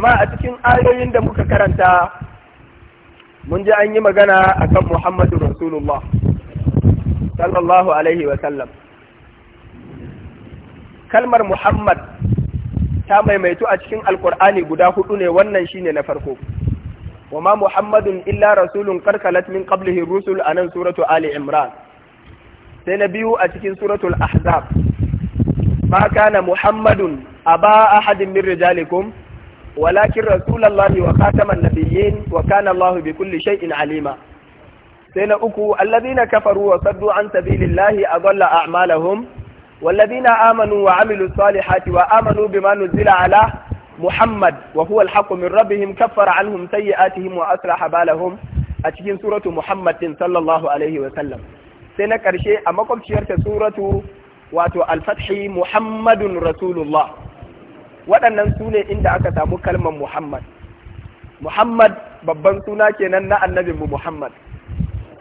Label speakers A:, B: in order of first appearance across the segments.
A: jama'a a cikin ayoyin da muka karanta mun ji an yi magana akan Muhammadu Rasulullah sallallahu alaihi wa sallam kalmar Muhammad ta maimaitu a cikin alkur'ani guda hudu ne wannan shine na farko wama muhammadun illa rasulun karkalat min qablihi rusul anan suratu ali imran sai na biyu a cikin suratul ahzab ma kana muhammadun aba ahadin min rijalikum ولكن رسول الله وخاتم النبيين وكان الله بكل شيء عليما سين أكو الذين كفروا وصدوا عن سبيل الله أضل أعمالهم والذين آمنوا وعملوا الصالحات وآمنوا بما نزل على محمد وهو الحق من ربهم كفر عنهم سيئاتهم وأصلح بالهم أتجين سورة محمد صلى الله عليه وسلم سنة كرشي قلت شيرت سورة واتو الفتح محمد رسول الله waɗannan su ne inda aka samu kalmar Muhammad Muhammad babban suna kenan na annabinmu Muhammad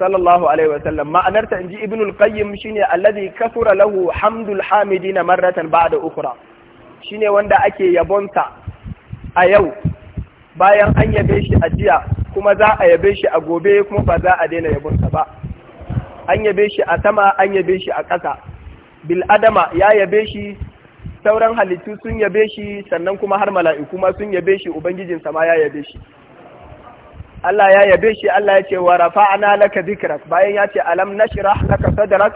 A: sallallahu alaihi wasallam ma'anarta in ji Ibnul qayyim shine alladhi kasura lahu hamdul hamidi na marratan ba'da Shi ne wanda ake yabonsa a yau bayan an yabe shi a jiya kuma za a yabe shi a gobe kuma ba za a daina yabonsa ba an yabe shi a sama an yabe shi a ƙasa bil adama ya yabe shi sauran halittu sun yabe shi sannan kuma har mala'iku ma sun yabe shi ubangijin ma ya yabe shi Allah ya yabe shi Allah ya ce wa rafa'ana laka dhikrak bayan ya ce alam nashrah laka sadrak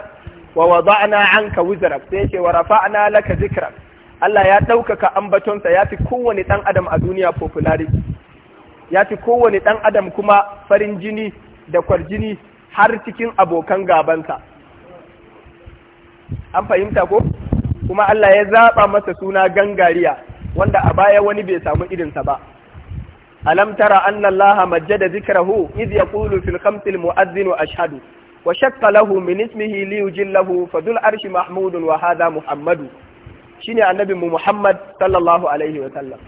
A: wa wada'na anka wizrak sai ya ce wa rafa'ana laka dhikrak Allah ya ɗaukaka ambatonsa ya fi kowane ɗan adam a duniya popularity ya fi kowane ɗan adam kuma farin jini da kwarjini har cikin abokan gabansa an fahimta ko kuma Allah ya zaɓa masa suna gangariya wanda a baya wani bai samu irinsa ba alam tara anna Allah majjada zikrahu id yaqulu fil khamsi al mu'adhdhin ashhadu wa shakka lahu min ismihi li yujillahu fadul arshi mahmudun wa hadha muhammadu shine annabi mu Muhammad sallallahu alaihi wa sallam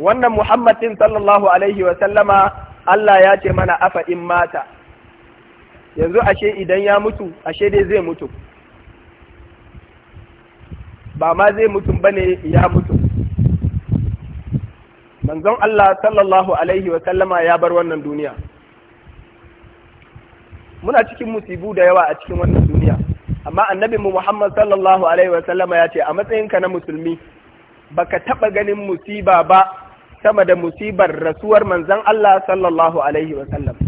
A: wannan Muhammadin sallallahu alaihi wa sallama Allah ya ce mana afa in mata yanzu ashe idan ya mutu ashe dai zai mutu ba ma zai mutum bane ya mutu manzon Allah sallallahu alaihi wa sallama ya bar wannan duniya muna cikin musibu da yawa a cikin wannan duniya amma annabi mu Muhammad sallallahu alaihi wa sallama ya ce a matsayinka na musulmi baka taɓa ganin musiba ba sama da musibar rasuwar manzon Allah sallallahu alaihi wa sallam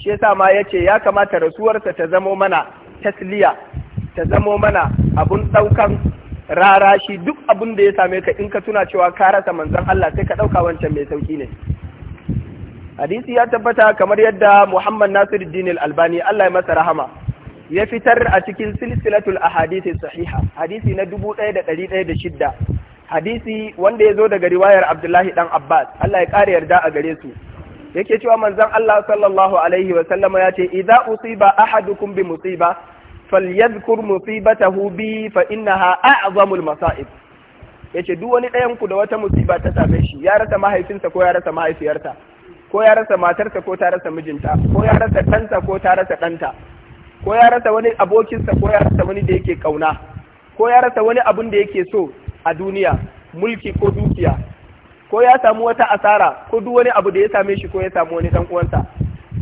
A: shi yasa ma yace ya kamata rasuwarsa ta zamo mana tasliya ta zamo mana abun ɗaukan. rara shi duk abin da ya same ka in ka tuna cewa ka rasa manzon Allah sai ka ɗauka wancan mai sauki ne hadisi ya tabbata kamar yadda Muhammad Nasiruddin Al-Albani Allah ya masa rahama ya fitar a cikin silsilatul ahadisi sahiha hadisi na shidda. hadisi wanda ya zo daga riwayar Abdullahi dan Abbas Allah ya ƙara yarda a gare su yake cewa manzon Allah sallallahu alaihi wa sallama ya ce idza usiba ahadukum bi musiba falyadhkur musibatahu bi fa innaha a'zamul masa'ib yace duk wani ɗayan ku da wata musiba ta same shi ya rasa mahaifinsa ko ya rasa mahaifiyarsa ko ya rasa matarsa ko ta rasa mijinta ko ya rasa ɗansa ko ta rasa ɗanta ko ya rasa wani abokinsa ko ya rasa wani da yake kauna ko ya rasa wani abun da yake so a duniya mulki ko dukiya ko ya samu wata asara ko duk wani abu da ya same shi ko ya samu wani dan uwansa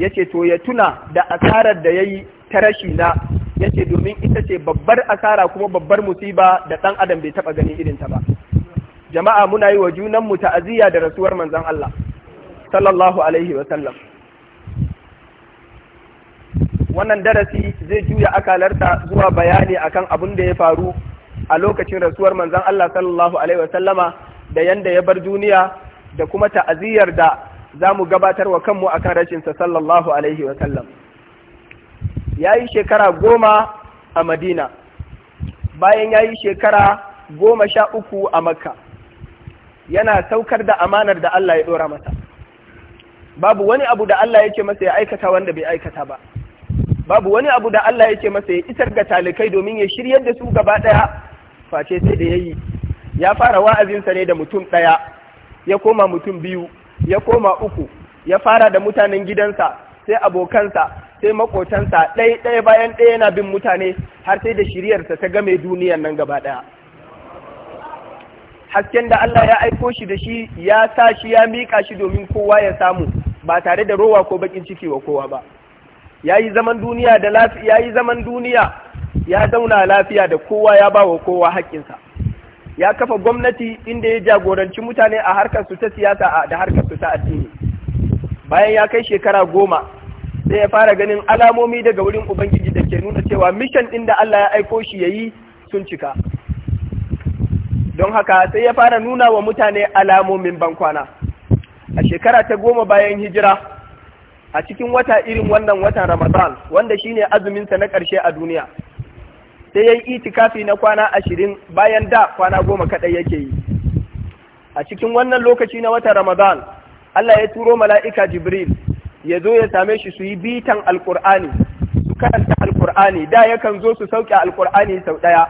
A: yace to ya tuna da asarar da yayi ta rashi na yace domin ita ce babbar asara kuma babbar musiba da ɗan adam bai taɓa ganin irin ta ba jama'a muna yi wa junan mu ta'aziyya da rasuwar manzon Allah sallallahu alaihi wa sallam wannan darasi zai juya akalarta zuwa bayani akan abin da ya faru a lokacin rasuwar manzon Allah sallallahu alaihi wa sallama da yanda ya bar duniya da kuma ta'aziyyar da za mu gabatar wa kanmu akan rashinsa sallallahu alaihi wa sallam ya yi shekara goma a madina bayan ya yi shekara goma sha uku a makka yana saukar da amanar da Allah ya ɗora masa babu wani abu da Allah yake masa ya aikata wanda bai aikata ba babu wani abu da Allah yake masa ya isar ga talikai domin ya shiryar da su gaba ɗaya face sai da yayi ya fara wa'azinsa ne da mutum ɗaya ya koma mutum biyu ya koma uku ya fara da mutanen gidansa sai abokansa sai makotansa ɗaya ɗaya bayan ɗaya yana bin mutane har sai da shiryarsa ta game duniyar nan gaba ɗaya hasken da Allah ya aiko shi da shi ya sa shi ya miƙa shi domin kowa ya samu ba tare da rowa ko bakin ciki wa kowa ba ya yi zaman duniya da lafiya ya yi zaman duniya ya zauna lafiya da kowa ya ba wa kowa haƙƙinsa ya kafa gwamnati inda ya jagoranci mutane a harkar su ta siyasa da harkar su ta addini bayan ya kai shekara goma sai ya fara ganin alamomi daga wurin ubangiji da ke nuna cewa mishan ɗin da Allah ya aiko shi ya yi sun cika don haka sai ya fara nuna wa mutane alamomin bankwana a shekara ta goma bayan hijira a cikin wata irin wannan watan ramadan wanda shine azuminsa na ƙarshe a duniya sai ya yi itikafi na kwana ashirin bayan da kwana goma kaɗai yake yi a cikin wannan lokaci na watan ramadan Allah ya turo mala'ika Jibril ya zo ya same shi su yi bitan alƙur'ani su karanta alkur'ani da ya kan zo su sauke alkur'ani sau ɗaya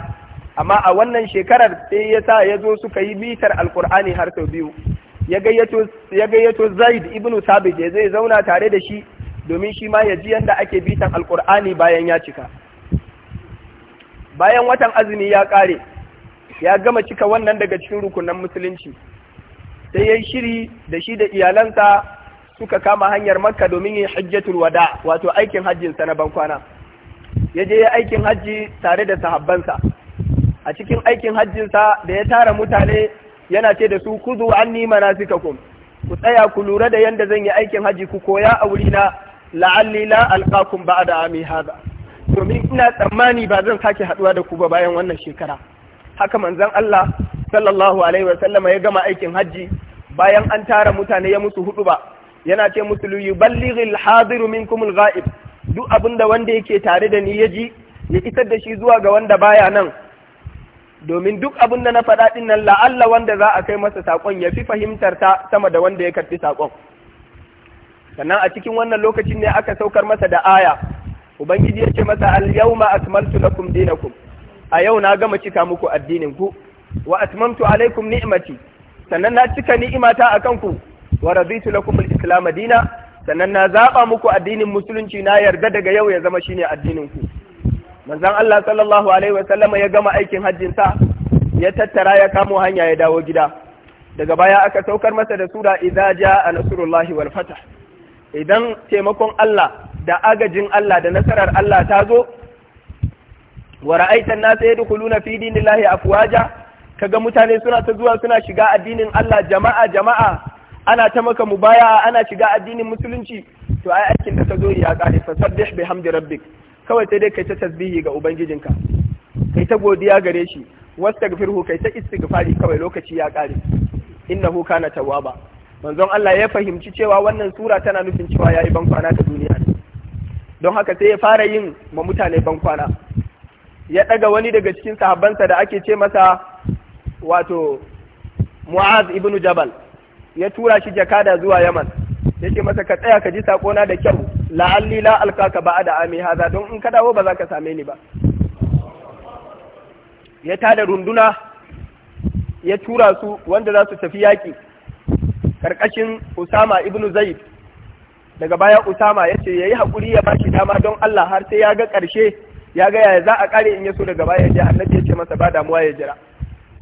A: amma a wannan shekarar sai ya sa ya zo suka yi bitar alkur'ani har sau biyu ya gayyato zaid ibnu sabit ya zai zauna tare da shi domin shi ma ya ji yadda ake bitan alkur'ani bayan ya cika bayan watan azumi ya ƙare ya gama cika wannan daga cikin rukunan musulunci sai yi shiri da shi da iyalansa suka kama hanyar makka domin yin hajjatul wada wato aikin hajjin sa na bankwana ya je ya aikin hajji tare da sahabbansa a cikin aikin hajjinsa da ya tara mutane yana ce da su kuzu anni manasikakum ku tsaya ku lura da yanda zan yi aikin hajji ku koya a wurina la'alli la alqakum ba'da ami hada domin ina tsammani ba zan sake haduwa da ku ba bayan wannan shekara haka manzon Allah sallallahu alaihi wa sallama ya gama aikin hajji bayan an tara mutane ya musu hudu ba yana ce musu lu yuballighil hadiru minkum al-ghaib duk abinda wanda yake tare da ni ya ji ya isar da shi zuwa ga wanda baya nan domin duk abin da na faɗa ɗin nan la'alla wanda za a kai masa saƙon ya fi fahimtar ta sama da wanda ya karɓi saƙon sannan a cikin wannan lokacin ne aka saukar masa da aya ubangiji ya ce masa al yawma akmaltu lakum dinakum a yau na gama cika muku addinin ku wa atmamtu alaikum ni'mati sannan na cika ni'imata akan ku wa raditu lakum al-islam dina sannan na zaba muku addinin musulunci na yarda daga yau ya zama shine addinin ku manzon Allah sallallahu alaihi wa ya gama aikin hajjin sa ya tattara ya kamo hanya ya dawo gida daga baya aka saukar masa da sura idza jaa nasrullahi wal fatah idan taimakon Allah da agajin Allah da nasarar Allah ta zo wa ra'aitan nasa yadkhuluna fi dinillahi afwaja Ka ga mutane suna ta zuwa suna shiga addinin Allah jama'a jama'a ana ta maka mu baya, ana shiga addinin musulunci to ai aikin da ka zo ya kare sabbih bihamdi rabbik kawai sai dai kai ta tasbihi ga ubangijinka kai ta godiya gare shi wastagfirhu kai ta istighfari kawai lokaci ya kare innahu kana tawwaba manzon Allah ya fahimci cewa wannan sura tana nufin cewa yayi bankwana ta duniya don haka sai ya fara yin ma mutane bankwana ya daga wani daga cikin sahabbansa da ake ce masa wato mu'az ibnu jabal ya tura shi jakada zuwa yaman yace masa ka tsaya ka ji na da kyau la'alli la ba da ami haza don in ka dawo ba za ka same ni ba ya tada runduna ya tura su wanda za su tafi yaki karkashin usama ibnu zaid daga baya usama ya ce ya yi haƙuri ya bashi dama don allah har sai ya ga ƙarshe ya ga yaya za a ƙare in ya so daga baya ya ce annabi ya masa ba damuwa ya jira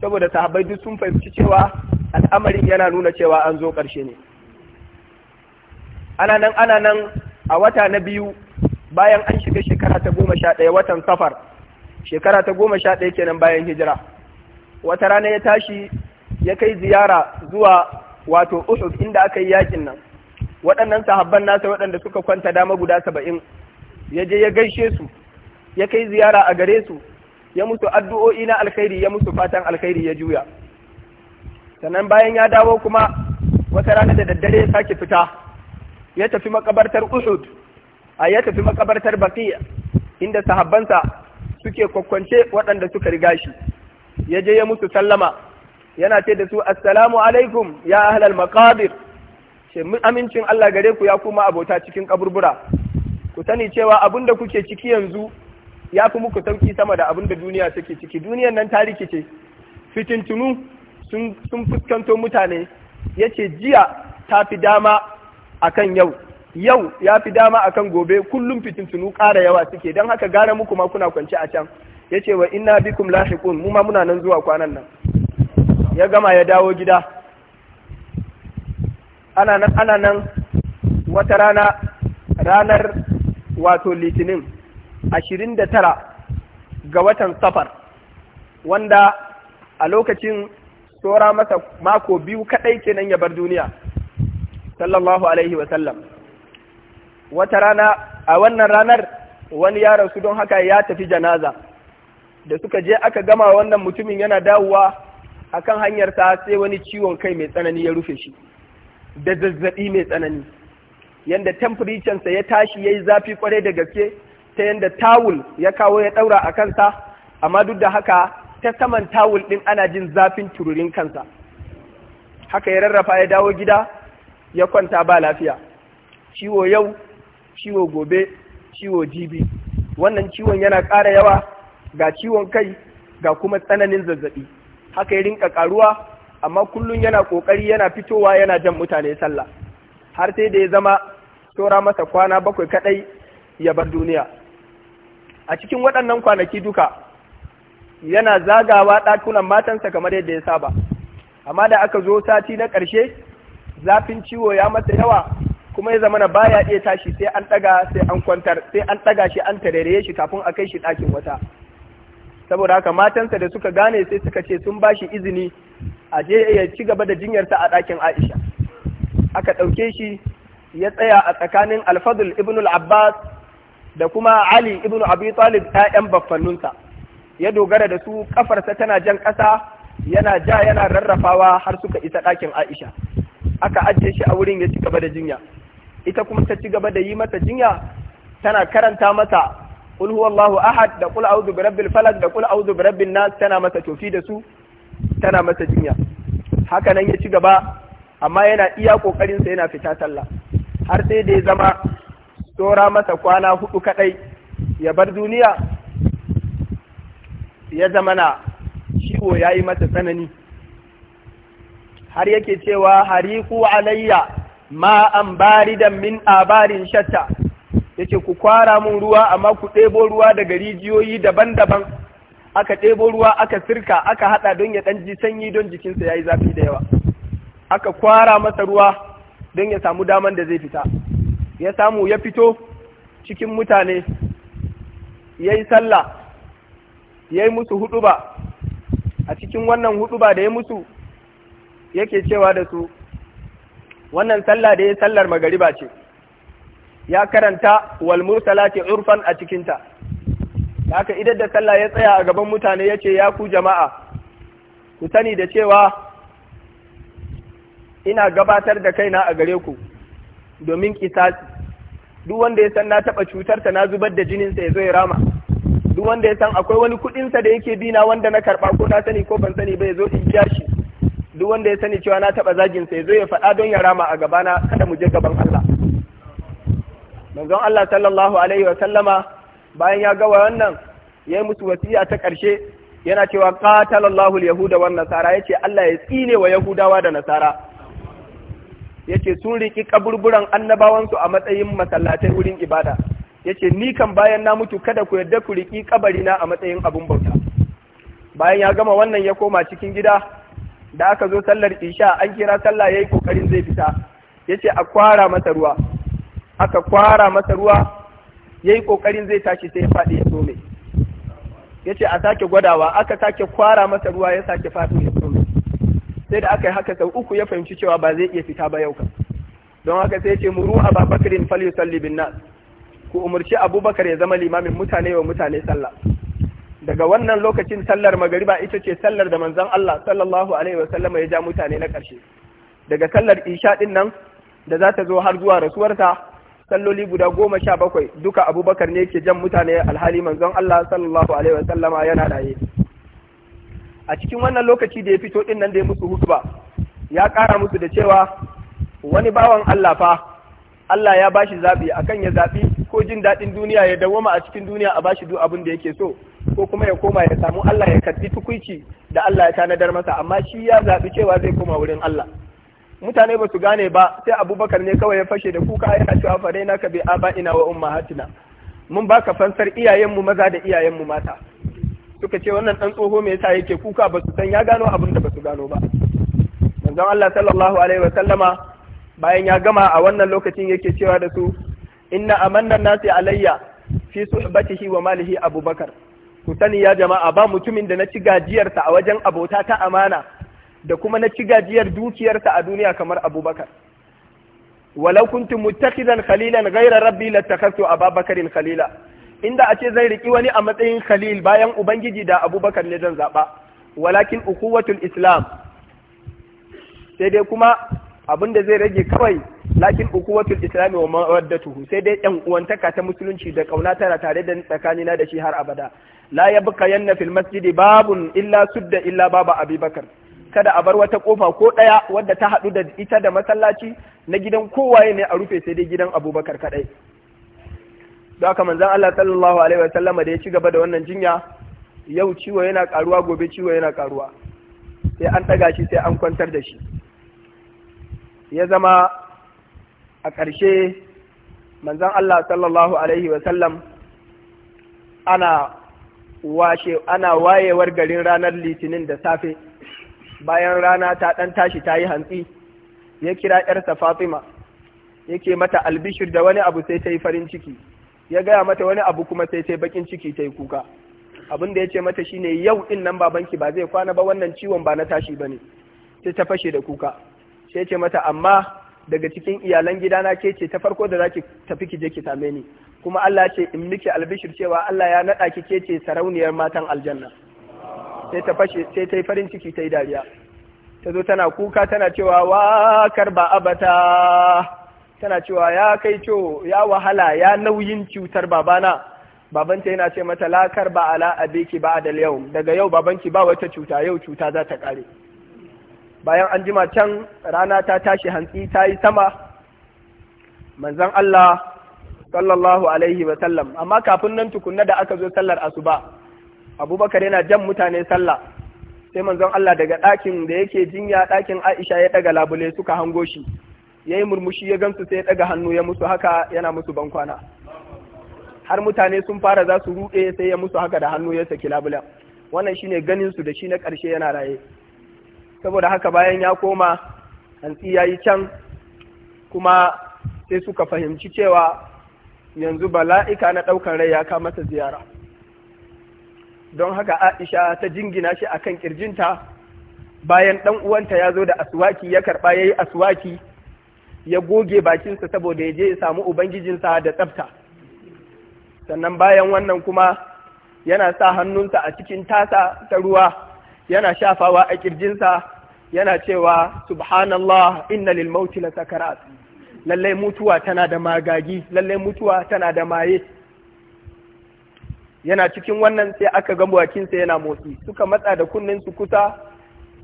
A: saboda sahabbai duk sun fahimci cewa al'amarin yana nuna cewa an zo ƙarshe ne ana nan ana nan a wata na biyu bayan an shiga shekara ta goma sha ɗaya watan safar shekara ta goma sha ɗaya kenan bayan hijira wata rana ya tashi ya kai ziyara zuwa wato uhud inda aka yi yakin nan waɗannan sahabban nasa waɗanda suka kwanta dama guda saba'in ya je ya gaishe su ya kai ziyara a gare su ya musu addu'o'i na alkhairi ya musu fatan alkhairi ya juya sannan bayan ya dawo kuma wata rana da daddare ya sake fita ya tafi makabartar Uhud a ya tafi makabartar baki inda sahabbansa suke kokkwance waɗanda suka riga shi ya je ya musu sallama yana ce da su assalamu alaikum ya ahlal maqabir ce amincin Allah gare ku ya kuma abota cikin kaburbura ku sani cewa abun da kuke ciki yanzu ya fi muku sauki sama da abin da duniya take ciki duniyan nan ta rikice fitintunu sun fuskanto mutane yace jiya ta fi dama akan yau yau ya fi dama akan gobe kullum fitintunu ƙara yawa suke don haka gara muku ma kuna kwance a can yace wa inna bikum lahiqun mu ma muna nan zuwa kwanan nan ya gama ya dawo gida ana nan wata rana ranar wato litinin ashirin da tara ga watan safar wanda a lokacin tsora masa mako biyu kaɗai kenan ya bar duniya sallallahu alaihi wasallam wata rana a wannan ranar wani ya rasu don haka ya tafi janaza da suka je aka gama wannan mutumin yana dawowa akan hanyarsa sai wani ciwon kai mai tsanani ya rufe shi da zazzaɓi mai tsanani yanda temperature ya tashi yayi zafi kwarai da gaske ta yadda tawul ya kawo ya ɗaura a kansa amma duk da haka ta saman tawul ɗin ana jin zafin tururin kansa haka ya rarrafa ya dawo gida ya kwanta ba lafiya ciwo yau ciwo gobe ciwo jibi wannan ciwon yana ƙara yawa ga ciwon kai ga kuma tsananin zazzaɓi haka ya rinka ƙaruwa amma kullum yana ƙoƙari yana fitowa yana jan mutane sallah har sai da ya zama saura masa kwana bakwai kaɗai ya bar duniya a cikin waɗannan kwanaki duka yana zagawa ɗakunan matansa kamar yadda ya saba amma da aka zo sati na ƙarshe zafin ciwo ya masa yawa kuma ya zama na baya iya tashi sai an ɗaga sai an kwantar sai an ɗaga shi an tarere shi kafin a kai shi ɗakin wata saboda haka matansa da suka gane sai suka ce sun ba shi izini a je ya ci gaba da jinyarsa a ɗakin Aisha aka ɗauke shi ya tsaya a tsakanin Alfadul ibn abbas da kuma Ali ibn Abi Talib ƴaƴan baffanninsa ya dogara da su kafarsa tana jan ƙasa yana ja yana rarrafawa har suka isa ɗakin Aisha aka ajiye shi a wurin ya ci gaba da jinya ita kuma ta ci gaba da yi masa jinya tana karanta masa qul ahad da qul a'udhu birabbil falaq da qul a'udhu birabbin nas tana masa tofi da su tana masa jinya haka nan ya ci gaba amma yana iya kokarin yana fita sallah har sai da ya zama tsora masa kwana hudu kadai ya bar duniya ya zama na ciwo ya yi masa tsanani har yake cewa hariku alayya ma an baridan min abarin shatta yace ku kwara mun ruwa amma ku ɗebo ruwa daga rijiyoyi daban-daban aka ɗebo ruwa aka sirka aka haɗa don ya ɗan ji sanyi don jikinsa ya yi zafi da yawa aka kwara masa ruwa don ya samu daman da zai fita ya samu ya fito cikin mutane ya yi sallah ya yi musu huɗuba a cikin wannan huɗuba da ya musu yake cewa da su wannan sallah da ya sallar magariba ce ya karanta walmur salati urfan a cikinta haka idar da sallah ya tsaya a gaban mutane ya ce ya ku jama'a ku sani da cewa ina gabatar da kaina a gare ku domin kisasi duk wanda ya san na taɓa cutarta na zubar da jinin sa ya zo ya rama duk wanda ya san akwai wani kuɗin sa da yake bina wanda na karɓa ko na sani ko ban sani ba ya zo in biya shi duk wanda ya sani cewa na taɓa sa ya zo ya faɗa don ya rama a gaba na kada mu je gaban Allah manzon Allah sallallahu alaihi wa sallama bayan ya gawa wannan ya yi musu wasiya ta ƙarshe yana cewa qatalallahu alyahuda wan nasara yace Allah ya tsine wa yahudawa da nasara yace sun riki kaburburan annabawansu a matsayin masallatai wurin ibada yace ni kan bayan na mutu kada ku yarda ku riki kabarina a matsayin abun bauta bayan ya gama wannan ya koma cikin gida da aka zo sallar isha an kira sallah yayi kokarin zai fita yace a kwara masa ruwa aka kwara masa ruwa yayi kokarin zai tashi sai ya fadi ya tsome yace a sake gwadawa aka sake kwara masa ruwa ya sake fadi ya tsome sai da aka yi haka sau uku ya fahimci cewa ba zai iya fita ba yau ka. don haka sai ce muru ba bakarin fal Sallibin bin nas ku umarci abubakar ya zama limamin mutane wa mutane sallah daga wannan lokacin sallar magariba ita ce sallar da manzon Allah sallallahu alaihi wa sallama ya ja mutane na ƙarshe daga sallar isha din nan da za ta zo har zuwa rasuwarta salloli guda goma sha bakwai duka abubakar ne ke jan mutane alhali manzon Allah sallallahu alaihi wa sallama yana raye a cikin wannan lokaci da ya fito din nan da ya musu hutuba ya kara musu da cewa wani bawan Allah fa Allah ya bashi zaɓi akan ya zaɓi ko jin daɗin duniya ya dawoma a cikin duniya a bashi duk abin da yake so ko kuma ya koma ya samu Allah ya karɓi tukuici da Allah ya tanadar masa amma shi ya zabi cewa zai koma wurin Allah mutane ba su gane ba sai abubakar ne kawai ya fashe da kuka yana cewa fare na ka bi aba ina wa ummahatina mun baka fansar iyayenmu maza da iyayenmu mata suka ce wannan ɗan tsoho me yasa yake kuka ba su san ya gano abin da ba su gano ba manzon Allah sallallahu alaihi wa sallama bayan ya gama a wannan lokacin yake cewa da su inna amanna nasi alayya fi suhbatihi wa malihi abubakar ku sani ya jama'a ba mutumin da na ci gajiyarsa a wajen abota ta amana da kuma na ci gajiyar dukiyarsa a duniya kamar abubakar walau kuntu muttakhidan khalilan ghayra rabbi latakhadtu ababakarin khalila inda a ce zai riki wani a matsayin khalil bayan ubangiji da abubakar ne zan zaɓa walakin ukuwatul islam sai dai kuma abin da zai rage kawai lakin ukuwatul islam wa mawaddatuhu sai dai yan uwantaka ta musulunci da ƙauna tana tare da tsakanina da shi har abada la yabqa yanna fil masjidi babun illa sudda illa baba abubakar kada a bar wata kofa ko ɗaya wadda ta haɗu da ita da masallaci na gidan kowaye ne a rufe sai dai gidan abubakar kaɗai da haka Allah sallallahu alaihi wasallam da ya ci gaba da wannan jinya yau ciwo yana karuwa gobe ciwo yana karuwa sai an ɗaga shi sai an kwantar da shi ya zama a ƙarshe manzan Allah sallallahu alaihi wasallam ana ana wayewar garin ranar litinin da safe bayan rana ta ɗan tashi ta yi hantsi ya kira ‘yarsa Fatima yake mata albishir da wani abu sai ta yi farin ciki ya gaya mata wani abu kuma sai ta bakin ciki ta yi kuka abin da ya ce mata shine yau din nan babanki ba zai kwana ba wannan ciwon ba na tashi ba ne sai ta fashe da kuka sai ce mata amma daga cikin iyalan gidana ke ce ta farko da zaki tafi ki je ki same ni kuma Allah ce in miki albishir cewa Allah ya naɗa ki ke ce sarauniyar matan aljanna sai ta fashe sai ta yi farin ciki ta yi dariya ta zo tana kuka tana cewa wa karba abata tana cewa ya kai co ya wahala ya nauyin cutar babana babanta yana ce mata lakar ba ala abiki ba da yau daga yau babanki ba wata cuta yau cuta za ta kare bayan an jima can rana ta tashi hantsi ta yi sama manzan Allah sallallahu alaihi wa sallam amma kafin nan tukunna da aka zo sallar asuba abubakar yana jan mutane sallah sai manzon Allah daga ɗakin da yake jinya ɗakin Aisha ya ɗaga labule suka hango shi ya yi murmushi ya gamsu sai ya ɗaga hannu ya musu haka yana musu bankwana har mutane sun fara za su ruɗe sai ya musu haka da hannu ya saki labulan wannan shine ganin su da shi na ƙarshe yana raye saboda haka bayan ya koma hantsi ya yi can kuma sai suka fahimci cewa yanzu bala'ika na ɗaukar rai ya kama masa ziyara don haka aisha ta jingina shi akan kirjinta bayan ɗan uwanta ya zo da aswaki ya karɓa ya yi aswaki ya goge bakinsa saboda ya je ya samu ubangijinsa da tsafta sannan bayan wannan kuma yana sa hannunsa a cikin tasa ta ruwa yana shafawa a ƙirjinsa. yana cewa subhanallah inna lil mauti la sakarat lallai mutuwa tana da magagi lallai mutuwa tana da maye yana cikin wannan sai aka ga bakinsa yana motsi suka matsa da kunninsu kusa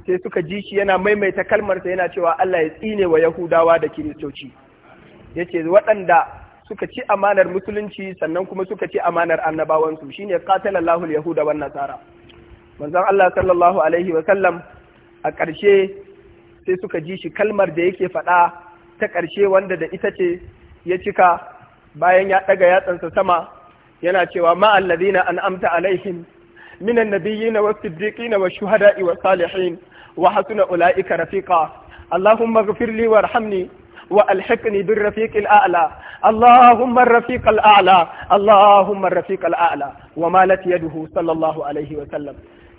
A: sai suka ji shi yana maimaita kalmarsa yana cewa Allah ya tsine wa Yahudawa da Kiristoci yace waɗanda suka ci amanar musulunci sannan kuma suka ci amanar annabawansu shine qatalallahu al-yahuda wa nasara manzon Allah sallallahu alaihi wa a ƙarshe sai suka ji shi kalmar da yake faɗa ta ƙarshe wanda da ita ce ya cika bayan ya ɗaga yatsansa sama yana cewa ma'allazina amta alaihim minan nabiyyin wa siddiqin wa shuhada'i wa salihin wa hasuna ula'ika rafiqa Allahumma ghfir li warhamni وألحقني بالرفيق الأعلى اللهم الرفيق الأعلى اللهم الرفيق الأعلى ومالت يده صلى الله عليه وسلم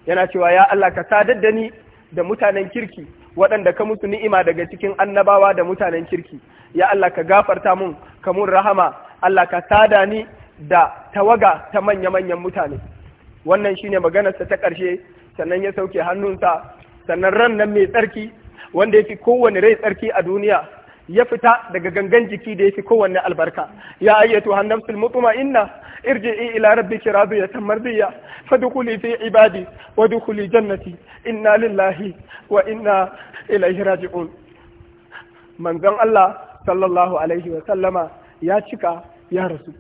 A: yana cewa ya Allah ka sadar da ni da mutanen kirki waɗanda ka musu ni'ima daga cikin annabawa da mutanen kirki ya Allah ka gafarta mun ka mun rahama Allah ka sada ni da tawaga ta manya manyan mutane wannan shine maganarsa ta ƙarshe sannan ya sauke hannunsa sannan ran nan mai tsarki wanda yafi kowane rai tsarki a duniya ya fita daga gangan jiki da yafi kowane albarka ya ayyatu hannamsul mutma'inna irji'i ila rabbiki radiyatan mardiya fadkhuli fi ibadi wadkhuli jannati inna lillahi wa inna ilaihi raji'un manzon Allah sallallahu alaihi wa sallama ya cika ya rasu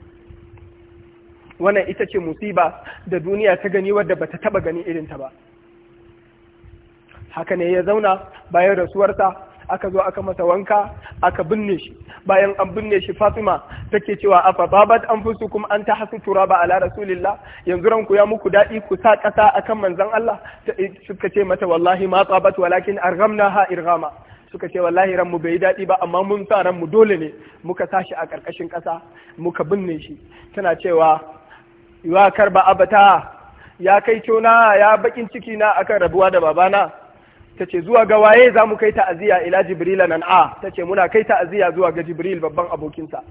A: wannan ita ce musiba da duniya ta gani wadda bata taba gani irinta ba haka ne ya zauna bayan rasuwarsa aka zo aka masa wanka aka binne shi bayan an binne shi Fatima take cewa afa babat anfusukum an ta hasu turaba ala rasulillah yanzu ranku ya muku dadi ku sa kasa akan manzon Allah eh, suka ce mata wallahi ma tsabat walakin arghamnaha irghama suka ce wallahi ranmu bai daɗi ba amma mun sa ranmu dole ne muka tashi a karkashin kasa muka binne shi tana cewa ya karba abata ya kai cona ya bakin ciki na akan rabuwa da babana ta ce zuwa ga waye za mu kai ta'aziyya ila jibrila nan a ta ce muna kai ta'aziyya zuwa ga jibril babban abokinsa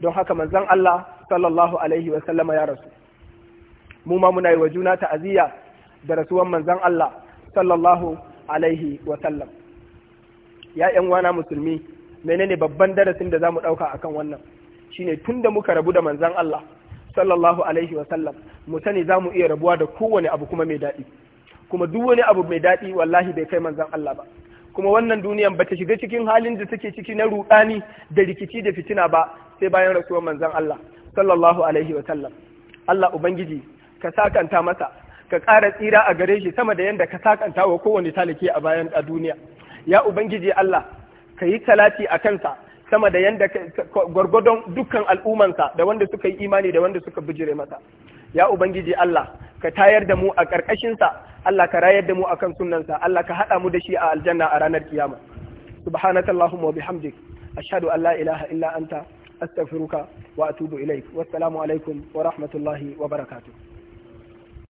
A: don haka manzon Allah sallallahu alaihi wa sallama ya rasu mu ma muna yi wa juna ta'aziyya da rasuwan manzon Allah sallallahu alaihi wa sallam ya wana musulmi menene babban darasin da za mu ɗauka akan wannan shine tunda muka rabu da manzan Allah sallallahu alaihi wa sallam mu sani zamu iya rabuwa da kowane abu kuma mai daɗi kuma duk wani abu mai daɗi wallahi bai kai manzan Allah ba kuma wannan duniyan bata shiga cikin halin da take ciki na ruɗani da rikici da fitina ba sai bayan rasuwar manzan Allah sallallahu alaihi wa sallam Allah ubangiji ka sakanta masa ka ƙara tsira a gare shi sama da yadda ka sakanta wa kowane talaki a bayan a duniya ya ubangiji Allah ka yi talati a kansa sama da yadda gwargwadon dukkan al'umansa da wanda suka yi imani da wanda suka bijire masa ya ubangiji Allah ka tayar da mu a ƙarƙashinsa Allah ka rayar da mu a kan sunnansa Allah ka haɗa mu da shi a aljanna a ranar kiyama subhanaka allahumma wa bihamdik ashhadu an la ilaha illa anta astaghfiruka wa atubu ilaik wassalamu alaikum wa rahmatullahi wa barakatuh